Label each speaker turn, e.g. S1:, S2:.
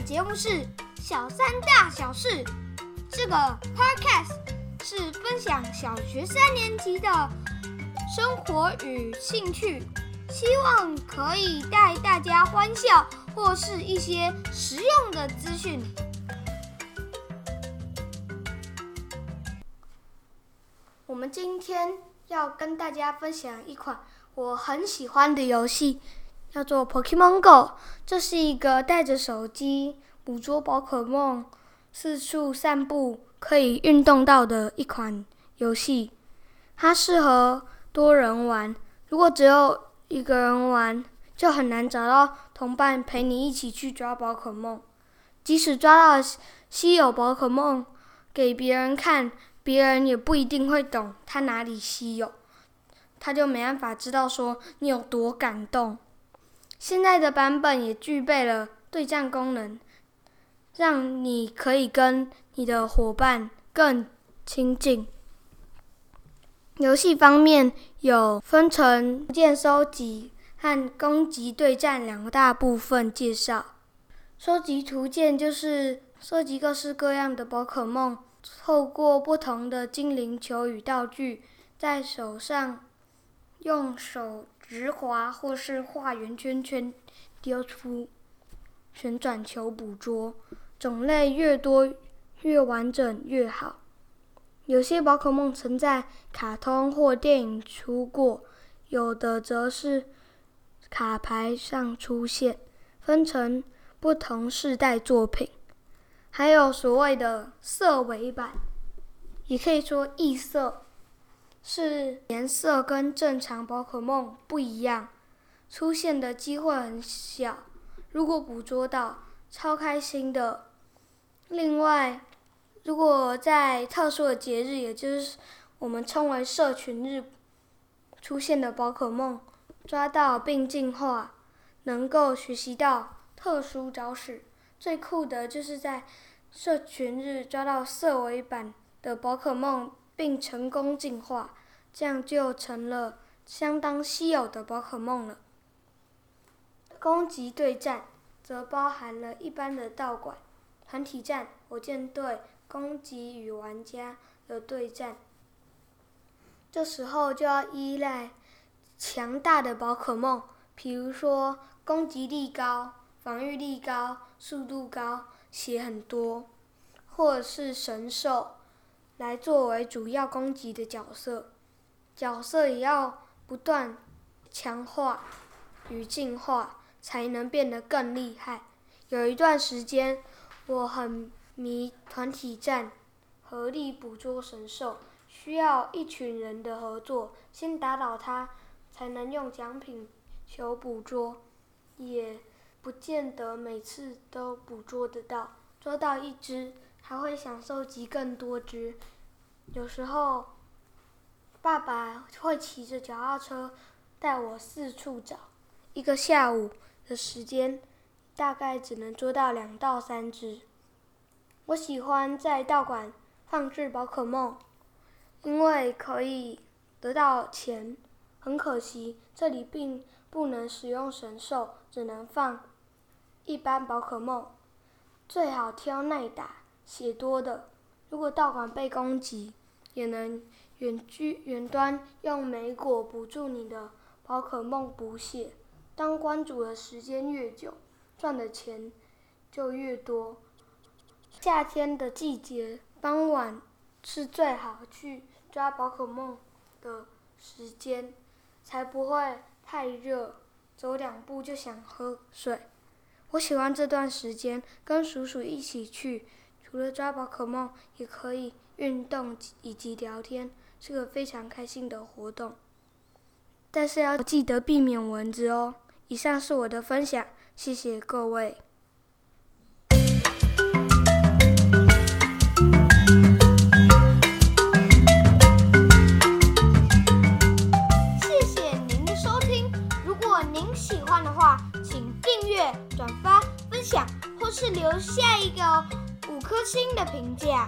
S1: 節目是小三大小事，這個 podcast 是分享小學三年級的生活與興趣，希望可以帶大家歡笑或是一些實用的資訊。我們今天要跟大家分享一款我很喜歡的遊戲。叫做《Pokemon Go》，這是一個帶着手機捕捉寶可夢、四處散步可以運動到的一款遊戲。它適合多人玩，如果只有一個人玩，就很難找到同伴陪你一起去抓寶可夢。即使抓到稀有寶可夢給別人看，別人也不一定會懂它哪裡稀有，他就沒辦法知道說你有多感動。現在的版本也具備了對戰功能，讓你可以跟你的夥伴更親近。遊戲方面有分成圖鑑收集和攻擊對戰兩大部分介紹。收集圖鑑就是收集各式各樣的寶可夢，透過不同的精靈球與道具，在手上。用手直滑或是畫圓圈圈，丟出旋轉球捕捉。種類越多越完整越好。有些寶可夢曾在卡通或電影出過，有的則是卡牌上出現，分成不同世代作品。還有所謂的色違版，也可以說異色。是顏色跟正常寶可夢不一樣，出現的機會很小。如果捕捉到，超開心的。另外，如果在特殊的節日，也就是我們稱為社群日，出現的寶可夢，抓到並進化，能夠學習到特殊招式。最酷的就是在社群日抓到色違版的寶可夢，並成功進化。這樣就成了相當稀有的寶可夢了。攻擊對戰則包含了一般的道館、團體戰、火箭隊攻擊與玩家的對戰。這時候就要依賴強大的寶可夢，比如說攻擊力高、防禦力高、速度高、血很多，或是神獸，來作為主要攻擊的角色。角色也要不斷強化與進化，才能變得更厲害。有一段時間，我很迷團體戰，合力捕捉神獸，需要一群人的合作，先打倒它，才能用獎品球捕捉。也不見得每次都捕捉得到，捉到一隻，還會想收集更多隻。有時候，爸爸會騎着腳踏車帶我四處找，一個下午的時間大概只能捉到兩到三只。我喜歡在道館放置寶可夢，因為可以得到錢。很可惜，這裡並不能使用神獸，只能放一般寶可夢，最好挑耐打、血多的。如果道館被攻擊，也能。遠距遠端用莓果補助你的寶可夢補血，當館主的時間越久，賺的錢就越多。夏天的季節，傍晚是最好去抓寶可夢的時間，才不會太熱，走兩步就想喝水。我喜歡這段時間跟叔叔一起去，除了抓寶可夢，也可以。運動以及聊天是個非常開心的活動，但是要記得避免蚊子哦。以上是我的分享，謝謝各位。謝謝您的收聽，如果您喜歡的話，請訂閱、轉發、分享，或是留下一個五顆星的評價。